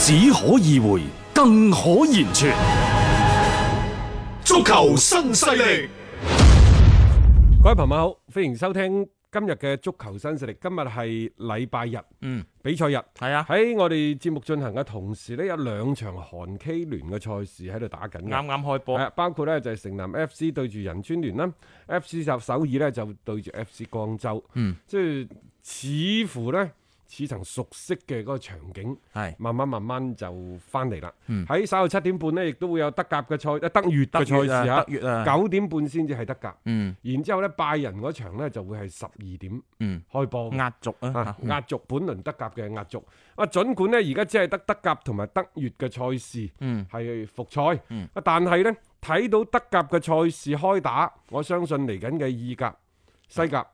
只可意會，更可言傳。足球新勢力，各位朋友好，歡迎收聽今日嘅足球新勢力。今日係禮拜日，嗯，比賽日係啊。喺我哋節目進行嘅同時呢，有兩場韓 K 聯嘅賽事喺度打緊，啱啱開波，係啊，包括呢就係城南 FC 對住仁川聯啦，FC 集首爾呢就對住 FC 光州。嗯，即係似乎呢。似曾熟悉嘅嗰個場景，係慢慢慢慢就翻嚟啦。喺稍後七點半呢，亦都會有德甲嘅賽，啊德乙嘅賽事嚇，德乙啊。九點半先至係德甲，嗯。然之後咧拜仁嗰場咧就會係十二點開波壓軸啊，壓軸本輪德甲嘅壓軸。啊，儘管呢，而家只係得德甲同埋德乙嘅賽事，嗯，係復賽，但係呢，睇到德甲嘅賽事開打，我相信嚟緊嘅意甲、西甲。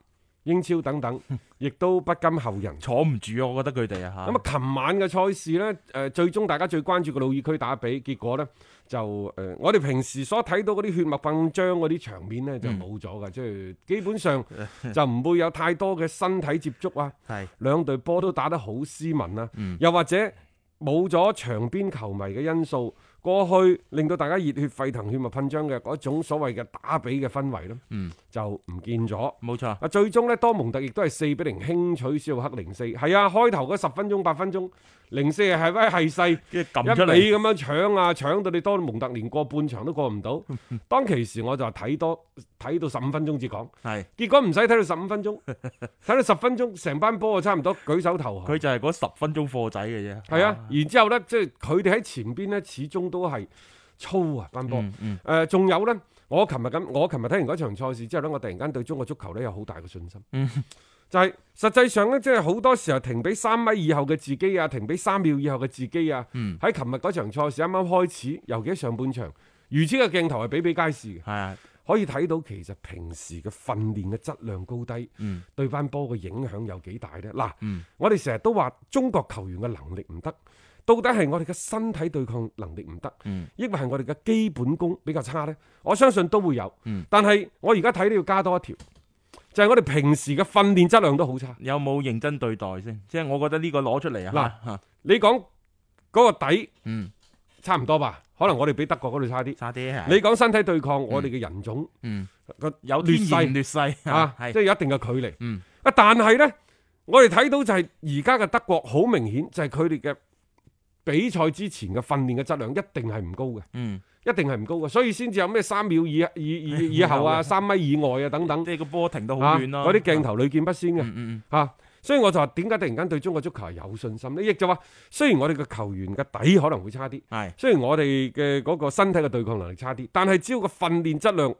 英超等等，亦都不甘後人，坐唔住，我覺得佢哋啊，咁啊，琴晚嘅賽事呢，誒、呃，最終大家最關注嘅魯爾區打比，結果呢，就誒、呃，我哋平時所睇到嗰啲血脈噴張嗰啲場面呢，就冇咗㗎，即係、嗯、基本上就唔會有太多嘅身體接觸啊。係兩隊波都打得好斯文啊，嗯、又或者冇咗場邊球迷嘅因素。過去令到大家熱血沸騰、血脈噴張嘅嗰種所謂嘅打比嘅氛圍咯，嗯、就唔見咗。冇錯，啊，最終呢，多蒙特亦都係四比零輕取史浩克零四。係啊，開頭嗰十分，分鐘、八分鐘。零四係威係勢，04, 是是一比咁樣搶啊，搶到你多蒙特連過半場都過唔到。 當其時我就話睇多睇到十五分鐘至講，係是結果唔使睇到十五分鐘，睇 到十分鐘成班波啊差唔多舉手投降。佢就係嗰十分鐘貨仔嘅啫。係啊,啊，然之後咧，即係佢哋喺前邊呢，始終都係粗啊，班波。誒、嗯，仲、嗯呃、有呢，我琴日咁，我琴日睇完嗰場賽事之後呢，我突然間對中國足球呢，有好大嘅信心。 就係、是、實際上咧，即係好多時候停俾三米以後嘅自己啊，停俾三秒以後嘅自己啊。喺琴日嗰場賽事啱啱開始，尤其上半場，如此嘅鏡頭係比比皆是，是的可以睇到其實平時嘅訓練嘅質量高低，嗯、對翻波嘅影響有幾大呢嗱，啊嗯、我哋成日都話中國球員嘅能力唔得，到底係我哋嘅身體對抗能力唔得，抑或係我哋嘅基本功比較差呢？我相信都會有。但係我而家睇都要加多一條。就係我哋平時嘅訓練質量都好差，有冇認真對待先？即係我覺得呢個攞出嚟喏啊！嗱，吓你講嗰個底，嗯，差唔多吧？可能我哋比德國嗰度差啲，差啲你講身體對抗，我哋嘅人種，嗯，個、嗯、有劣勢，劣勢啊，嗯、即係有一定嘅距離，嗯。啊，但係咧，我哋睇到就係而家嘅德國好明顯就係佢哋嘅。比賽之前嘅訓練嘅質量一定係唔高嘅，嗯，一定係唔高嘅，所以先至有咩三秒以以以以後啊， 三米以外啊等等，即係 個波停到好遠咯、啊啊，嗰啲鏡頭屢見不鮮嘅，嗯嗯，嗯、啊，所以我就話點解突然間對中國足球係有信心呢？你亦就話，雖然我哋嘅球員嘅底可能會差啲，係，是的 雖然我哋嘅嗰個身體嘅對抗能力差啲，但係只要個訓練質量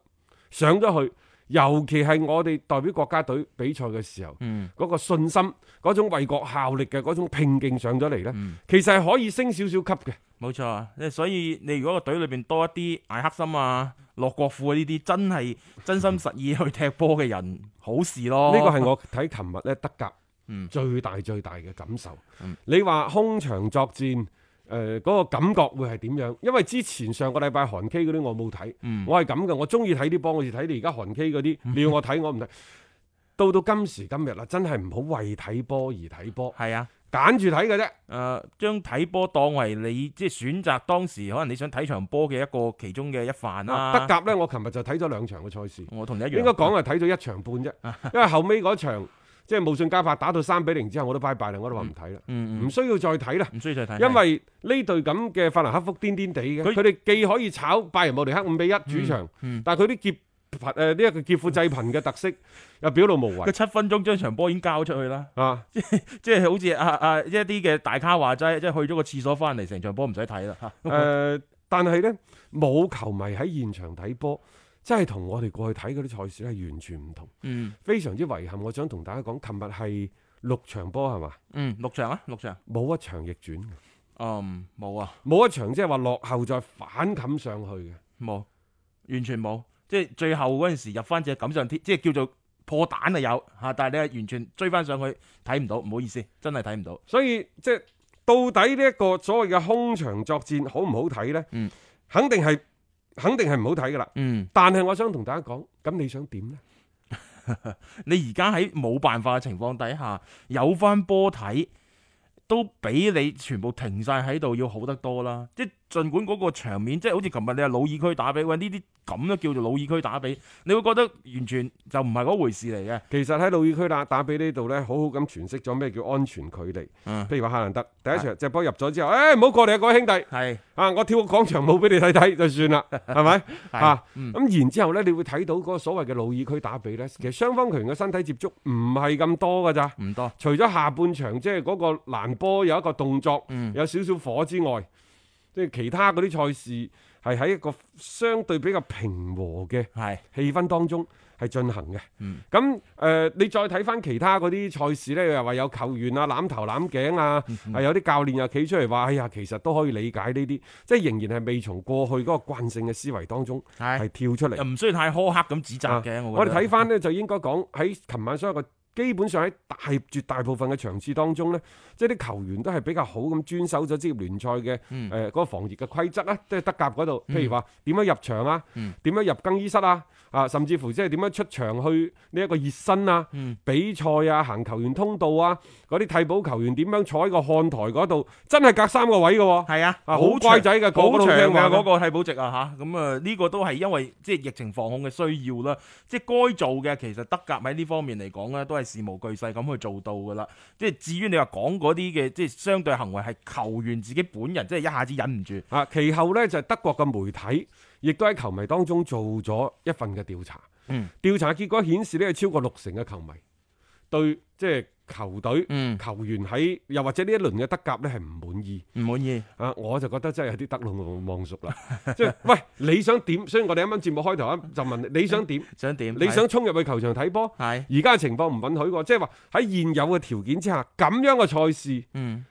上咗去。尤其係我哋代表國家隊比賽嘅時候，嗰、嗯、個信心、嗰種為國效力嘅嗰種拼勁上咗嚟咧，嗯、其實係可以升少少級嘅。冇錯，所以你如果個隊裏邊多一啲艾克森啊、洛國富啊呢啲真係真心實意去踢波嘅人，嗯、好事咯。呢個係我睇琴日咧德甲最大最大嘅感受。嗯、你話空場作戰。誒嗰、呃那個感覺會係點樣？因為之前上個禮拜韓 K 嗰啲我冇睇、嗯，我係咁嘅，我中意睇啲波，我哋睇你而家韓 K 嗰啲，嗯、你要我睇我唔睇。到到今時今日啦，真係唔好為睇波而睇波。係啊，揀住睇嘅啫。誒、呃，將睇波當為你即係選擇當時可能你想睇場波嘅一個其中嘅一範啦、啊。德甲呢，我琴日就睇咗兩場嘅賽事。我同你一樣，應該講係睇咗一場半啫， 因為後尾嗰場。即係無信加法打到三比零之後，我都拜拜啦！我都話唔睇啦，唔需要再睇啦，唔需再睇，嗯、因為呢隊咁嘅法蘭克福癲癲地嘅，佢哋他既可以炒拜仁慕尼黑五比一主場，嗯嗯、但係佢啲劫貧誒呢一個劫富濟貧嘅特色又表露無遺。 七分鐘將場波已經交出去啦、啊 ，啊！即即係好似阿阿一啲嘅大咖話齋，即、就、係、是、去咗個廁所翻嚟，成場波唔使睇啦。誒、啊 okay 呃，但係咧冇球迷喺現場睇波。真係同我哋過去睇嗰啲賽事係完全唔同，嗯，非常之遺憾。我想同大家講，琴日係六場波係嘛？嗯，六場啊，六場，冇一場逆轉嘅，嗯，冇啊，冇一場即係話落後再反冚上去嘅，冇，完全冇，即係最後嗰陣時入翻隻錦上添，即係叫做破蛋啊有吓，但係你係完全追翻上去睇唔到，唔好意思，真係睇唔到。所以即係到底呢一個所謂嘅空場作戰好唔好睇咧？嗯，肯定係。肯定係唔好睇噶啦。嗯，但係我想同大家講，咁你想點呢？ 你而家喺冇辦法嘅情況底下，有翻波睇，都比你全部停晒喺度要好得多啦，即儘管嗰個場面，即係好似琴日你係魯爾區打比，喂呢啲咁都叫做魯爾區打比，你會覺得完全就唔係嗰回事嚟嘅。其實喺魯爾區打打比呢度呢，好好咁詮釋咗咩叫安全距離。譬、嗯、如話哈蘭德第一場隻波入咗之後，誒唔好過嚟啊各位兄弟，係是啊，我跳個廣場舞俾你睇睇就算啦，係咪啊？咁然之後，後呢，你會睇到嗰所謂嘅魯爾區打比呢。其實雙方球員嘅身體接觸唔係咁多㗎咋，唔多。除咗下半場即係嗰個攔波有一個動作，嗯、有少少火之外。即係其他嗰啲賽事係喺一個相對比較平和嘅氣氛當中係進行嘅。咁誒、嗯呃，你再睇翻其他嗰啲賽事咧，又話有球員啊攬頭攬頸啊，係、嗯嗯啊、有啲教練又企出嚟話：哎呀，其實都可以理解呢啲，即係仍然係未從過去嗰個慣性嘅思維當中係跳出嚟。又唔需要太苛刻咁指責嘅、啊。我哋睇翻咧，嗯、就應該講喺琴晚所有嘅。基本上喺大絕大部分嘅場次當中咧，即係啲球員都係比較好咁遵守咗職業聯賽嘅誒個防疫嘅規則啦，嗯、即係德甲嗰度，譬如話點樣入場啊，點、嗯、樣入更衣室啊，啊甚至乎即係點樣出場去呢一個熱身啊、比賽啊、行球員通道啊、嗰啲替補球員點樣坐喺個看台嗰度，真係隔三個位嘅喎，係啊，好乖仔嘅，好長嘅嗰個替補席啊吓，咁啊呢、嗯這個都係因為即係疫情防控嘅需要啦，即係該做嘅其實德甲喺呢方面嚟講咧都係。事無巨細咁去做到噶啦，即係至於你話講嗰啲嘅，即係相對行為係球員自己本人，即係一下子忍唔住啊。其後呢，就係、德國嘅媒體亦都喺球迷當中做咗一份嘅調查，嗯、調查結果顯示呢，係超過六成嘅球迷對即係。就是球隊、嗯、球員喺又或者呢一輪嘅德甲咧，係唔滿意，唔滿意啊！我就覺得真係有啲得隴望望蜀啦。即係 喂，你想點？所以我哋啱啱節目開頭就問你想點？想點？你想衝入去球場睇波？係而家嘅情況唔允許個，即係話喺現有嘅條件之下，咁樣嘅賽事，嗯，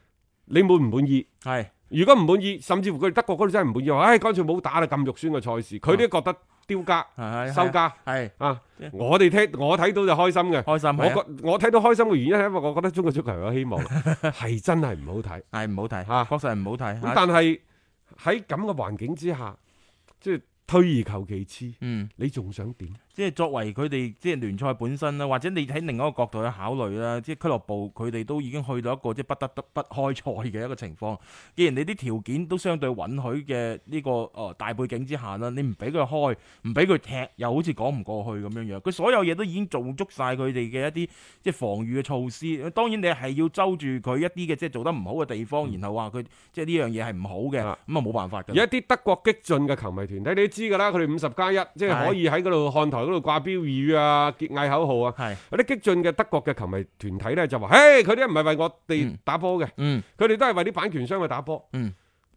你滿唔滿意？係是如果唔滿意，甚至乎佢哋德國嗰度真係唔滿意話，唉，乾脆冇打啦，咁肉酸嘅賽事，佢哋覺得。丟格，雕家的收家，係的啊！的我哋聽，我睇到就開心嘅。開心，我覺我睇到開心嘅原因係因為我覺得中國足球有希望。係 真係唔好睇，係唔 好睇吓，啊、確實係唔好睇。咁但係喺咁嘅環境之下，即係退而求其次，嗯，你仲想點？即係作為佢哋即係聯賽本身啦，或者你喺另一個角度去考慮啦，即係俱樂部佢哋都已經去到一個即係不得得不開賽嘅一個情況。既然你啲條件都相對允許嘅呢個誒大背景之下啦，你唔俾佢開，唔俾佢踢，又好似講唔過去咁樣樣。佢所有嘢都已經做足晒佢哋嘅一啲即係防禦嘅措施。當然你係要揪住佢一啲嘅即係做得唔好嘅地方，嗯、然後話佢即係呢樣嘢係唔好嘅，咁啊冇辦法㗎。而一啲德國激進嘅球迷團體，你都知㗎啦，佢哋五十加一，即係可以喺嗰度看台。嗰度掛標語啊、結嗌口號啊，有啲激進嘅德國嘅球迷團體咧就話：，嘿，佢啲唔係為我哋打波嘅，佢哋都係為啲版權商去打波。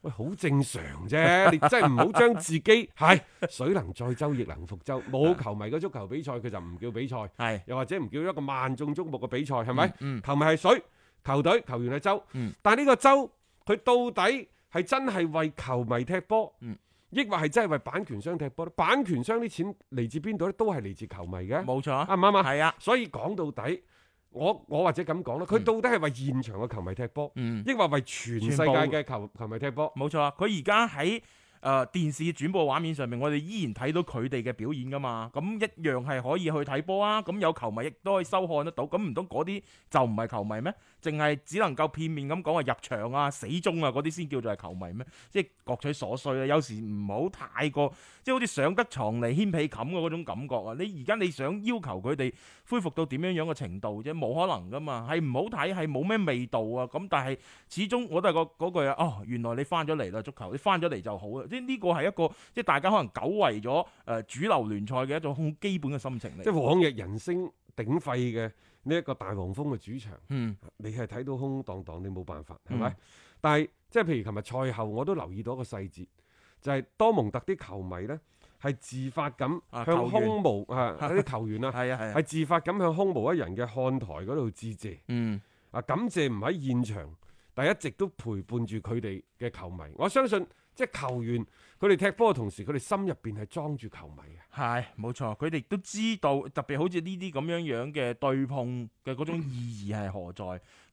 喂，好正常啫，你真係唔好將自己係水能載舟亦能覆舟，冇球迷嘅足球比賽，佢就唔叫比賽，又或者唔叫一個萬眾矚目嘅比賽，係咪？球迷係水，球隊球員係舟，但係呢個舟，佢到底係真係為球迷踢波？抑或係真係為版權商踢波？版權商啲錢嚟自邊度咧？都係嚟自球迷嘅。冇錯，啱唔啱啊？係啊，所以講到底，我我或者咁講啦，佢到底係為現場嘅球迷踢波，嗯、抑或為全世界嘅球球迷踢波？冇錯啊！佢而家喺誒電視轉播畫面上面，我哋依然睇到佢哋嘅表演噶嘛？咁一樣係可以去睇波啊！咁有球迷亦都可以收看得到，咁唔通嗰啲就唔係球迷咩？淨係只能夠片面咁講話入場啊、死忠啊嗰啲先叫做係球迷咩？即係各取所需啊！有時唔好太過，即係好似上得床嚟掀被冚嗰種感覺啊！你而家你想要求佢哋恢復到點樣樣嘅程度啫，冇可能噶嘛，係唔好睇，係冇咩味道啊！咁但係始終我都係嗰句啊，哦，原來你翻咗嚟啦，足球你翻咗嚟就好啊！即係呢個係一個即係大家可能久違咗誒主流聯賽嘅一種好基本嘅心情嚟，即係往日人聲鼎沸嘅。呢一個大黃蜂嘅主場，嗯、你係睇到空空蕩蕩，你冇辦法，係咪？嗯、但係即係譬如琴日賽後，我都留意到一個細節，就係、是、多蒙特啲球迷呢，係自發咁向空無啊啲球員啊，係啊係， 係自發咁向空無一人嘅看台嗰度致謝，嗯啊感謝唔喺現場，但係一直都陪伴住佢哋嘅球迷，我相信。即係球員，佢哋踢波嘅同時，佢哋心入邊係裝住球迷嘅。係，冇錯，佢哋都知道，特別好似呢啲咁樣樣嘅對碰嘅嗰種意義係何在？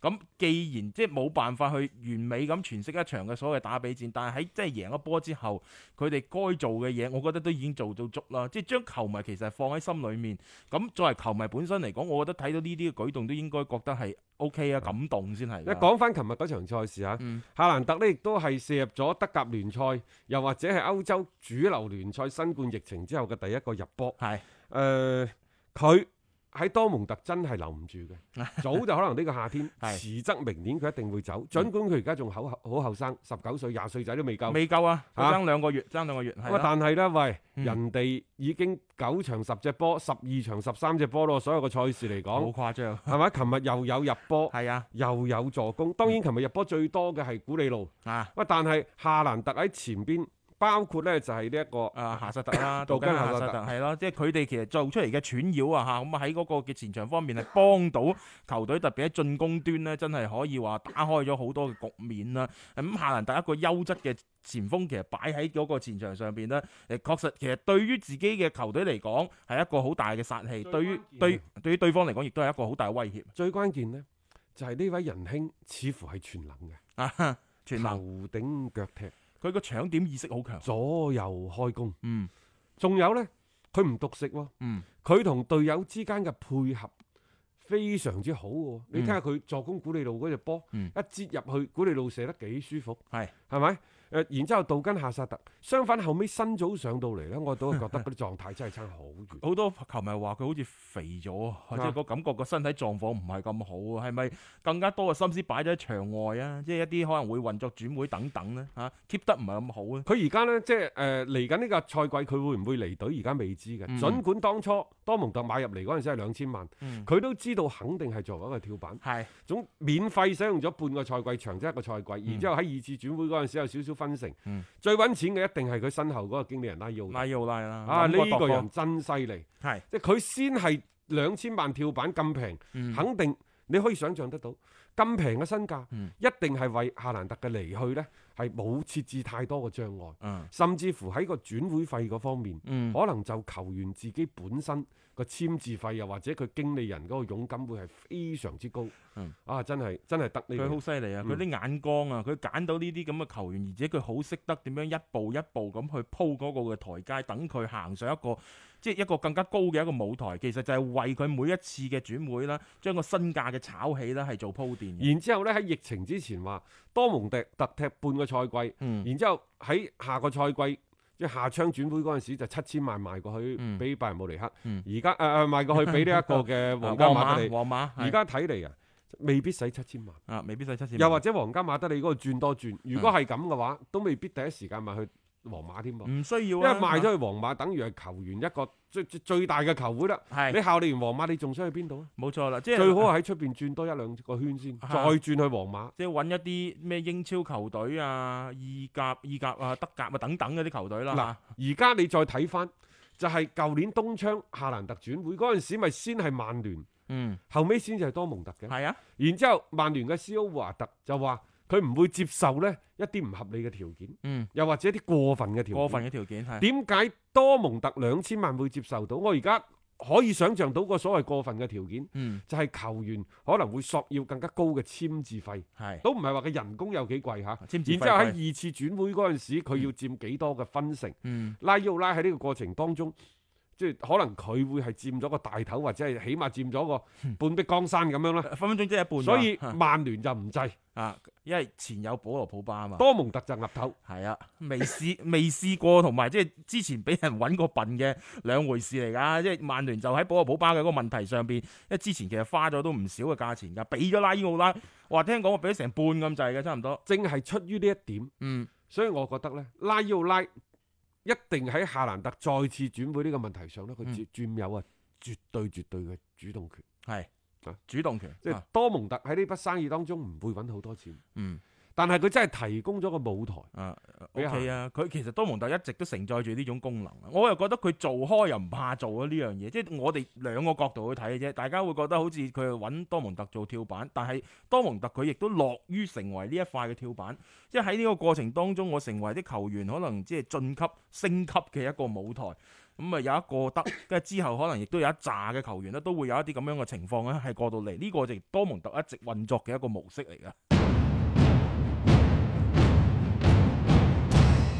咁 既然即係冇辦法去完美咁詮釋一場嘅所謂打比戰，但係喺即係贏咗波之後，佢哋該做嘅嘢，我覺得都已經做到足啦。即係將球迷其實放喺心裏面。咁作為球迷本身嚟講，我覺得睇到呢啲嘅舉動都應該覺得係 O K 啊，的感動先係。一講翻琴日嗰場賽事啊，夏蘭特呢亦都係射入咗德甲聯賽又或者係歐洲主流聯賽，新冠疫情之後嘅第一個入波，係誒佢。呃喺多蒙特真係留唔住嘅，早就可能呢個夏天，遲 是則明年佢一定會走。儘管佢而家仲好後好後生，十九歲廿歲仔都未夠，未夠啊！爭兩個月，爭、啊、兩個月。喂，但係咧，喂，嗯、人哋已經九場十隻波，十二場十三隻波咯。所有個賽事嚟講，好誇張，係咪？琴日又有入波，係啊，又有助攻。當然，琴日入波最多嘅係古里路。啊，喂，但係夏蘭特喺前邊。包括咧就係呢一個啊夏薩特啦、啊，杜根夏薩特係咯，了即係佢哋其實做出嚟嘅串繞啊嚇，咁啊喺嗰個嘅前場方面係幫到球隊，特別喺進攻端咧，真係可以話打開咗好多嘅局面啦。咁、啊嗯、夏蘭特一個優質嘅前鋒，其實擺喺嗰個前場上邊呢，誒確實其實對於自己嘅球隊嚟講係一個好大嘅殺器，對於對對於對方嚟講亦都係一個好大嘅威脅。最關鍵呢，就係、是、呢位仁兄似乎係全能嘅，頭 全能 頂腳踢。佢個搶點意識好強，左右開弓。嗯，仲有咧，佢唔獨食喎、啊。嗯，佢同隊友之間嘅配合非常之好嘅、啊。你睇下佢助攻古利路嗰隻波，嗯、一接入去古利路射得幾舒服？係係咪？誒，然之後杜根夏薩特，相反後尾新早上到嚟咧，我都覺得嗰啲狀態真係差遠 好遠。好多球迷話佢好似肥咗啊，或者嗰感覺個身體狀況唔係咁好啊，係咪更加多嘅心思擺咗喺場外啊？即係一啲可能會運作轉會等等咧嚇，keep 得唔係咁好啊？佢而家咧即係誒嚟緊呢個賽季會會，佢會唔會離隊？而家未知嘅。嗯、儘管當初多蒙特買入嚟嗰陣時係兩千萬，佢、嗯、都知道肯定係作為一個跳板，嗯、總免費使用咗半個賽季，長則一個賽季，然之後喺二次轉會嗰陣時有少少。分成，嗯、最揾錢嘅一定係佢身後嗰個經理人拉 U，拉 U 拉啦，啊呢、呢個人真犀利，係是即係佢先係兩千萬跳板咁平，嗯、肯定你可以想象得到咁平嘅身價，嗯、一定係為夏蘭特嘅離去呢係冇設置太多嘅障礙，嗯、甚至乎喺個轉會費嗰方面，嗯、可能就球員自己本身。個簽字費又或者佢經理人嗰個佣金會係非常之高，嗯、啊，真係真係得你。佢好犀利啊！佢啲，嗯、眼光啊，佢揀到呢啲咁嘅球員，而且佢好識得點樣一步一步咁去鋪嗰個嘅台階，等佢行上一個即係一個更加高嘅一個舞台。其實就係為佢每一次嘅轉會啦，將個身價嘅炒起啦，係做鋪墊。嗯、然之後咧，喺疫情之前話多蒙特踢半個賽季，嗯、然之後喺下個賽季。即係夏窗轉會嗰陣時，就七千萬賣過去俾拜仁慕尼黑。而家誒誒賣過去俾呢一個嘅皇家馬德里。皇 馬而家睇嚟啊，未必使七千萬啊，未必使七千萬。又或者皇家馬德里嗰度轉多轉，如果係咁嘅話，都未必第一時間賣去，皇馬添噃，唔需要因為一賣出去皇馬，等於係球員一個最最大嘅球會啦。係，你效力完皇馬，你仲想去邊度啊？冇錯啦，即係最好係喺出邊轉多一兩個圈先，再轉去皇馬。即係揾一啲咩英超球隊啊、意甲、意甲啊、德甲啊等等嗰啲球隊啦。嗱，而家你再睇翻，就係舊年冬窗夏蘭特轉會嗰陣時，咪先係曼聯，嗯，後尾先至係多蒙特嘅。係啊，然之後曼聯嘅 C.O. 華特就話。佢唔會接受呢一啲唔合理嘅條件，嗯，又或者一啲過分嘅條件，係點解多蒙特兩千萬會接受到？我而家可以想像到個所謂過分嘅條件，嗯，就係球員可能會索要更加高嘅簽字費，是都唔係話佢人工有幾貴嚇，然之後喺二次轉會嗰陣時，佢要佔幾多嘅分成，嗯、拉伊奧拉喺呢個過程當中。即係可能佢會係佔咗個大頭，或者係起碼佔咗個半壁江山咁、嗯、樣啦。分分鐘即係一半。所以曼聯就唔制啊，因為前有保羅普巴嘛。多蒙特就立頭。係啊，未試未試過同埋即係之前俾人揾過笨嘅兩回事嚟㗎。即係曼聯就喺保羅普巴嘅嗰個問題上邊，因為之前其實花咗都唔少嘅價錢㗎，俾咗拉伊奧拉。哇，聽講我俾咗成半咁滯嘅，差唔多。正係出於呢一點。嗯。所以我覺得咧，拉伊奧拉。一定喺夏蘭特再次轉會呢個問題上咧，佢佔佔有啊，絕對絕對嘅主動權。係、嗯、啊，主動權，啊、即係多蒙特喺呢筆生意當中唔會揾好多錢。嗯。但係佢真係提供咗個舞台啊，OK 啊！佢其實多蒙特一直都承載住呢種功能啦。我又覺得佢做開又唔怕做啊呢樣嘢，即係、就是、我哋兩個角度去睇嘅啫。大家會覺得好似佢揾多蒙特做跳板，但係多蒙特佢亦都樂於成為呢一塊嘅跳板。即係喺呢個過程當中，我成為啲球員可能即係晉級、升級嘅一個舞台。咁啊有一個得，即係 之後可能亦都有一紮嘅球員咧都會有一啲咁樣嘅情況咧係過到嚟。呢、這個就多蒙特一直運作嘅一個模式嚟㗎。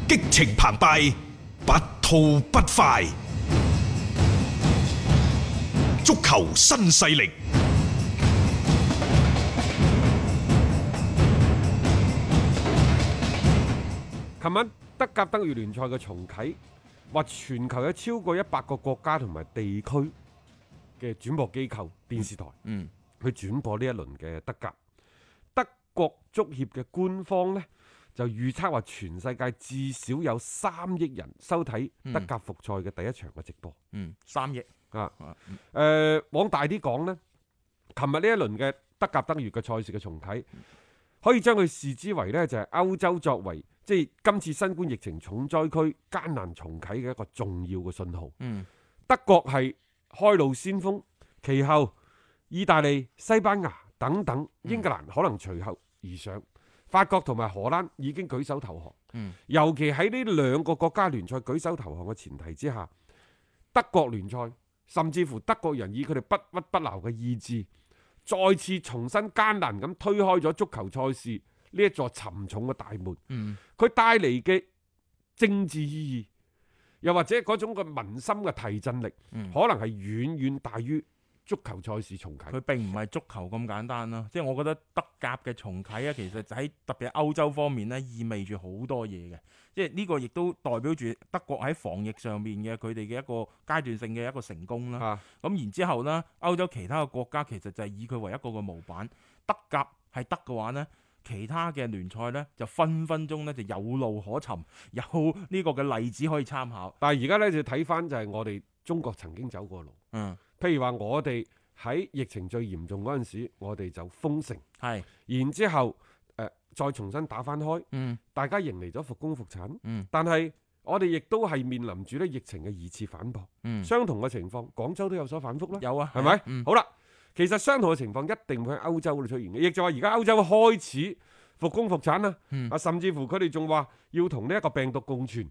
激情澎湃，不吐不快。足球新勢力。琴晚德甲德乙聯賽嘅重啟，話全球有超過一百個國家同埋地區嘅轉播機構、電視台，嗯，去轉播呢一輪嘅德甲。德國足協嘅官方呢？就預測話，全世界至少有三億人收睇德甲復賽嘅第一場嘅直播。嗯，三億啊！誒、呃，往大啲講呢，琴日呢一輪嘅德甲、德乙嘅賽事嘅重啟，可以將佢視之為呢就係、是、歐洲作為即係、就是、今次新冠疫情重災區艱難重啓嘅一個重要嘅信號。嗯，德國係開路先鋒，其後意大利、西班牙等等，英格蘭可能隨後而上。嗯。法國同埋荷蘭已經舉手投降，尤其喺呢兩個國家聯賽舉手投降嘅前提之下，德國聯賽甚至乎德國人以佢哋不屈不撓嘅意志，再次重新艱難咁推開咗足球賽事呢一座沉重嘅大門。佢帶嚟嘅政治意義，又或者嗰種嘅民心嘅提振力，可能係遠遠大於。足球賽事重啟，佢並唔係足球咁簡單啦。即係我覺得德甲嘅重啟啊，其實就喺特別歐洲方面咧，意味住好多嘢嘅。即係呢個亦都代表住德國喺防疫上面嘅佢哋嘅一個階段性嘅一個成功啦。咁然之後呢，歐洲其他嘅國家其實就係以佢為一個個模板。德甲係得嘅話呢，其他嘅聯賽呢，就分分鐘咧就有路可尋，有呢個嘅例子可以參考。但係而家咧就睇翻就係我哋中國曾經走過路。嗯。譬如話，我哋喺疫情最嚴重嗰陣時，我哋就封城，係是，然之後誒、呃、再重新打返開，嗯，大家迎嚟咗復工復產，嗯，但係我哋亦都係面臨住咧疫情嘅二次反撲，嗯、相同嘅情況，廣州都有所反覆啦，有啊，係咪？嗯、好啦，其實相同嘅情況一定會喺歐洲嗰度出現嘅，亦就話而家歐洲開始。復工復產，啦，啊，甚至乎佢哋仲話要同呢一個病毒共存。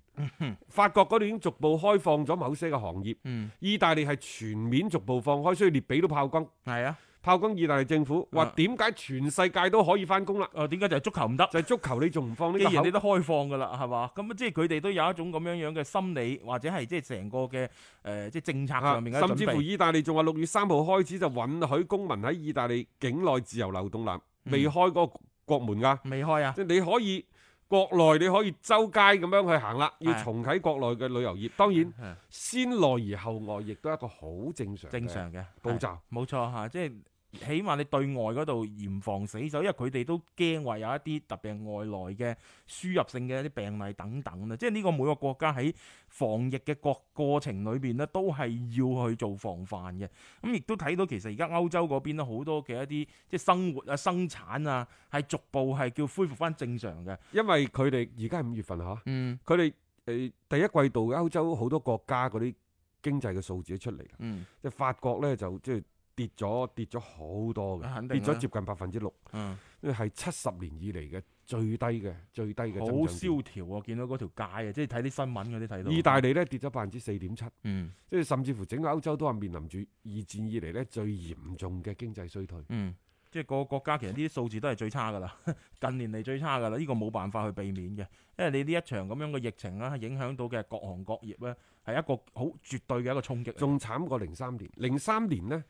法國嗰度已經逐步開放咗某些嘅行業，嗯、意大利係全面逐步放開，所以列比都炮轟。係啊，炮轟意大利政府話點解全世界都可以翻工啦？啊，點解就係足球唔得，就係足球你仲唔放？既然你都開放㗎啦，係嘛？咁即係佢哋都有一種咁樣樣嘅心理，或者係、呃、即係成個嘅誒即係政策上面嘅準備、啊、甚至乎意大利仲話六月三號開始就允許公民喺意大利境內自由流動啦，嗯、未開嗰。國門啊，未開啊！即係你可以國內，你可以周街咁樣去行啦，要重啟國內嘅旅遊業。當然，的先內而後外，亦都係一個好正常道道正常嘅步驟。冇錯吓，即係。起碼你對外嗰度嚴防死守，因為佢哋都驚話有一啲特別係外來嘅輸入性嘅一啲病例等等啊，即係呢個每個國家喺防疫嘅嘅過程裏邊咧，都係要去做防範嘅。咁亦都睇到其實而家歐洲嗰邊咧好多嘅一啲即係生活啊、生產啊，係逐步係叫恢復返正常嘅。因為佢哋而家係五月份啊，嗯，佢哋誒第一季度歐洲好多國家嗰啲經濟嘅數字出嚟，嗯，即係法國咧就即係。跌咗跌咗好多嘅，跌咗接近百分之六，呢係七十年以嚟嘅最低嘅最低嘅。好蕭條啊！見到嗰條街啊，即係睇啲新聞嗰啲睇到。意大利咧跌咗百分之四點七，嗯，即係甚至乎整個歐洲都係面臨住二戰以嚟咧最嚴重嘅經濟衰退。嗯，即係個國家其實呢啲數字都係最差㗎啦，近年嚟最差㗎啦。呢個冇辦法去避免嘅，因為你呢一場咁樣嘅疫情啊，影響到嘅各行各業咧，係一個好絕對嘅一個衝擊。仲慘過零三年，零三年呢。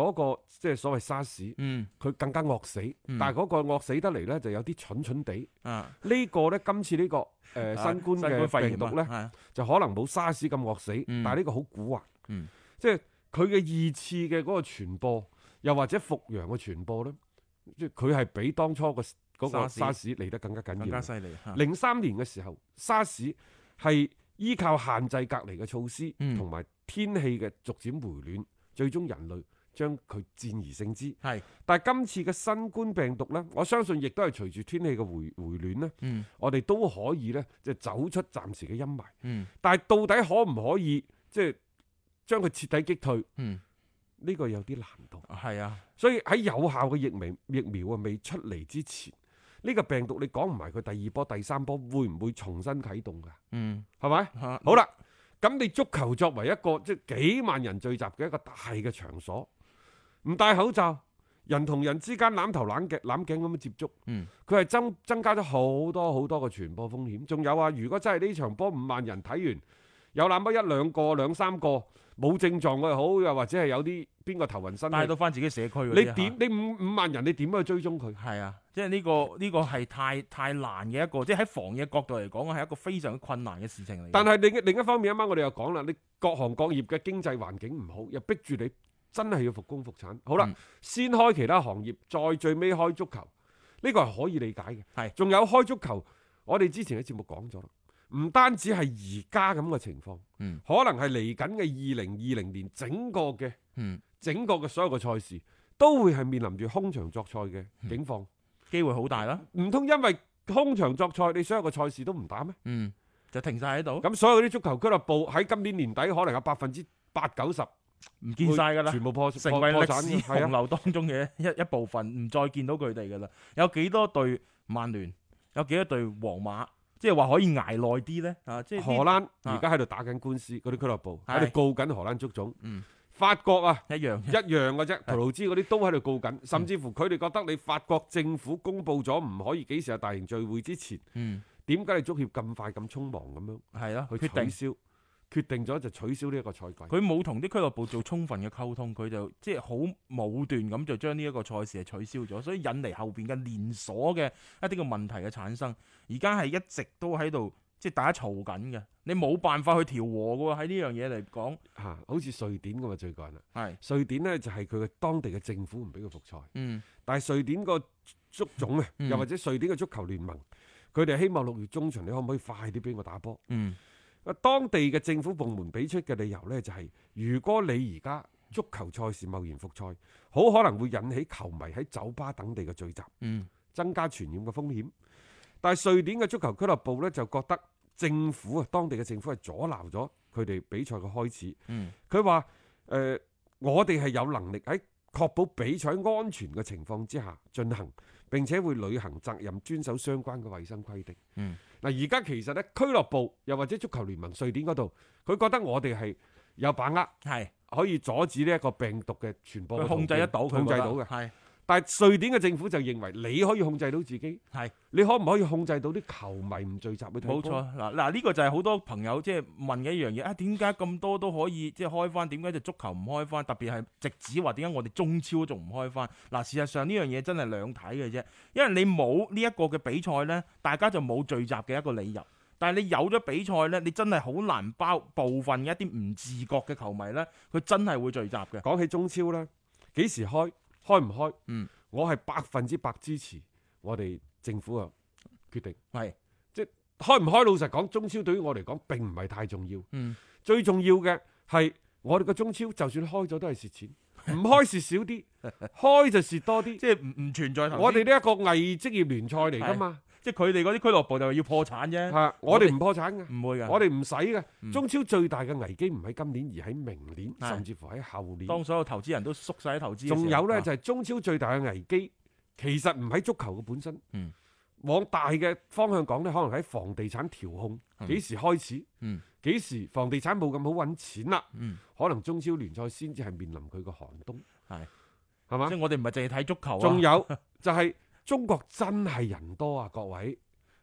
嗰個即係所謂沙士，嗯，佢更加惡死，嗯、但係嗰個惡死得嚟咧，就有啲蠢蠢地。啊、個呢個咧，今次呢、呢個誒、呃、新冠嘅肺炎病毒咧，啊、就可能冇沙士咁惡死，嗯、但係呢個好古惑，嗯嗯、即係佢嘅二次嘅嗰個傳播，又或者復陽嘅傳播咧，即係佢係比當初個嗰個沙士嚟得更加緊要。零三、啊、年嘅時候沙士 r 係依靠限制隔離嘅措施，同埋、嗯嗯、天氣嘅逐漸回暖，最終人類將佢戰而勝之，係是。但係今次嘅新冠病毒呢，我相信亦都係隨住天氣嘅回回暖呢，嗯、我哋都可以呢，即係走出暫時嘅陰霾，嗯、但係到底可唔可以即係將佢徹底擊退？嗯、呢個有啲難度。係啊，啊所以喺有效嘅疫苗疫苗啊未出嚟之前，呢個病毒你講唔埋佢第二波、第三波會唔會重新啟動噶？嗯，係咪吧？嗯、好啦，咁你足球作為一個即係幾萬人聚集嘅一,一個大嘅場所。唔戴口罩，人同人之間攬頭攬頸攬頸咁樣接觸，佢係增增加咗好多好多嘅傳播風險。仲有啊，如果真係呢場波五萬人睇完，有攬到一兩個、兩三個冇症狀嘅又好，又或者係有啲邊個頭暈身，帶到翻自己社區，你點你五五萬人你點樣去追蹤佢？係啊，即係呢個呢個係太太難嘅一個，即係喺防疫角度嚟講，係一個非常困難嘅事情嚟。但係另另一方面，啱啱我哋又講啦，你各行各業嘅經濟環境唔好，又逼住你。真係要復工復產，好啦，嗯、先開其他行業，再最尾開足球，呢個係可以理解嘅。係是，仲有開足球，我哋之前嘅節目講咗啦，唔單止係而家咁嘅情況，嗯、可能係嚟緊嘅二零二零年整個嘅，嗯、整個嘅所有嘅賽事都會係面臨住空場作賽嘅境況，嗯、機會好大啦。唔通因為空場作賽，你所有嘅賽事都唔打咩？嗯，就停晒喺度。咁所有啲足球俱樂部喺今年年底可能有百分之八九十，唔見晒噶啦，全部破產，成為歷史洪流當中嘅一一部分，唔再見到佢哋噶啦。有幾多隊曼聯，有幾多隊皇馬，即係話可以挨耐啲咧？啊，即係荷蘭而家喺度打緊官司，嗰啲俱樂部喺度告緊荷蘭足總。嗯，法國啊，一樣一樣嘅啫，圖盧茲嗰啲都喺度告緊，甚至乎佢哋覺得你法國政府公布咗唔可以幾時係大型聚會之前，嗯，點解你足協咁快咁匆忙咁樣？係啊，去決定取消決定咗就取消呢一個賽季，佢冇同啲俱樂部做充分嘅溝通，佢就即係好武斷咁就將呢一個賽事係取消咗，所以引嚟後邊嘅連鎖嘅一啲個問題嘅產生。而家係一直都喺度即係大家嘈緊嘅，你冇辦法去調和嘅喎。喺呢樣嘢嚟講，嚇，好似瑞典咁啊，最近啊，係是瑞典呢就係佢嘅當地嘅政府唔俾佢復賽，嗯，但係瑞典個足總啊，又或者瑞典嘅足球聯盟，佢哋、嗯、希望六月中旬你可唔可以快啲俾我打波？嗯。當地嘅政府部門俾出嘅理由呢，就係如果你而家足球賽事貿然復賽，好可能會引起球迷喺酒吧等地嘅聚集，嗯，增加傳染嘅風險。但係瑞典嘅足球俱樂部呢，就覺得政府啊，當地嘅政府係阻撓咗佢哋比賽嘅開始，嗯，佢話誒，我哋係有能力喺確保比賽安全嘅情況之下進行，並且會履行責任，遵守相關嘅衛生規定，嗯。嗱，而家其實咧，俱樂部又或者足球聯盟，瑞典嗰度，佢覺得我哋係有把握，係是可以阻止呢一個病毒嘅傳播，控制得到控制到嘅，但瑞典嘅政府就認為你可以控制到自己，係是你可唔可以控制到啲球迷唔聚集？冇錯，嗱嗱呢個就係好多朋友即係問嘅一樣嘢啊，點解咁多都可以即係開翻？點解就足球唔開翻？特別係直指話點解我哋中超仲唔開翻？嗱，啊，事實上呢樣嘢真係兩睇嘅啫，因為你冇呢一個嘅比賽呢，大家就冇聚集嘅一個理由。但係你有咗比賽呢，你真係好難包部分一啲唔自覺嘅球迷呢，佢真係會聚集嘅。講起中超呢，幾時開？開唔開？嗯，我係百分之百支持我哋政府嘅決定。係是，即係開唔開？老實講，中超對於我嚟講，並唔係太重要。嗯，最重要嘅係我哋個中超，就算開咗都係蝕錢，唔開蝕少啲， 開就蝕多啲，即係唔唔存在。我哋呢一個偽職業聯賽嚟噶嘛。即係佢哋嗰啲俱樂部就話要破產啫。係，我哋唔破產嘅，唔會嘅，我哋唔使嘅。中超最大嘅危機唔喺今年，而喺明年，甚至乎喺後年。當所有投資人都縮曬投資。仲有咧，就係中超最大嘅危機，其實唔喺足球嘅本身。嗯。往大嘅方向講咧，可能喺房地產調控幾時開始？嗯。幾時房地產冇咁好揾錢啦？嗯。可能中超聯賽先至係面臨佢個寒冬。係。係嘛？即係我哋唔係淨係睇足球。仲有就係。中國真係人多啊，各位，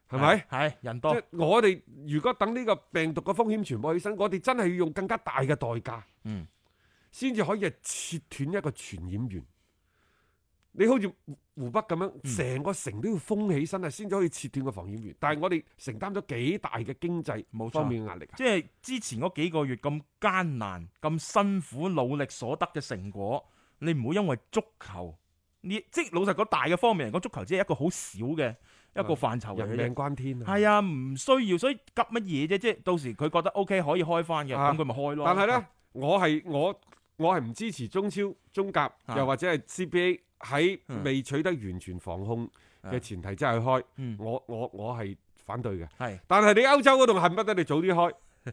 係咪？係人多。即係我哋如果等呢個病毒嘅風險傳播起身，我哋真係要用更加大嘅代價，嗯，先至可以切斷一個傳染源。你好似湖北咁樣，成、嗯、個城都要封起身啊，先至可以切斷個防染源。但係我哋承擔咗幾大嘅經濟冇方面嘅壓力。即係、就是、之前嗰幾個月咁艱難、咁辛苦、努力所得嘅成果，你唔好因為足球。你即係老實講，大嘅方面嚟講，足球只係一個好少嘅一個範疇。人命關天啊！係啊，唔需要，所以急乜嘢啫？即係到時佢覺得 OK 可以開翻嘅，咁佢咪開咯。但係咧是，我係我我係唔支持中超、中甲又或者係 CBA 喺未取得完全防控嘅前提之下去開。嗯，我我我係反對嘅。係是，但係你歐洲嗰度恨不得你早啲開。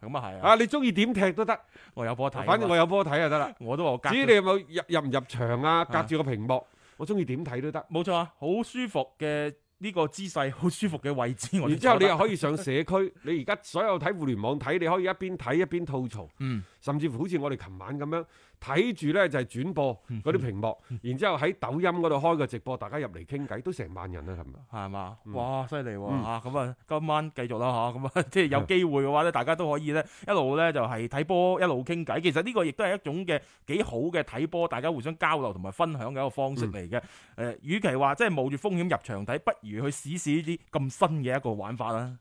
咁啊係啊！啊，你中意點踢都得，我有波睇，反正我有波睇就得啦。 我都話我，只要你有冇入入唔入場啊？隔住個屏幕，我中意點睇都得。冇錯啊，好舒服嘅呢個姿勢，好舒服嘅位置。然之後你又可以上社區， 你而家所有睇互聯網睇，你可以一邊睇一邊吐槽。嗯，甚至乎好似我哋琴晚咁樣。睇住咧就係轉播嗰啲屏幕，嗯嗯、然之後喺抖音嗰度開個直播，大家入嚟傾偈都成萬人啦，係咪？係嘛，哇，犀利喎啊！咁、嗯、啊，今晚繼續啦嚇，咁啊，嗯嗯、即係有機會嘅話咧，大家都可以咧一路咧就係睇波一路傾偈。其實呢個亦都係一種嘅幾好嘅睇波，大家互相交流同埋分享嘅一個方式嚟嘅。誒、嗯呃，與其話即係冒住風險入場睇，不如去試試呢啲咁新嘅一個玩法啦。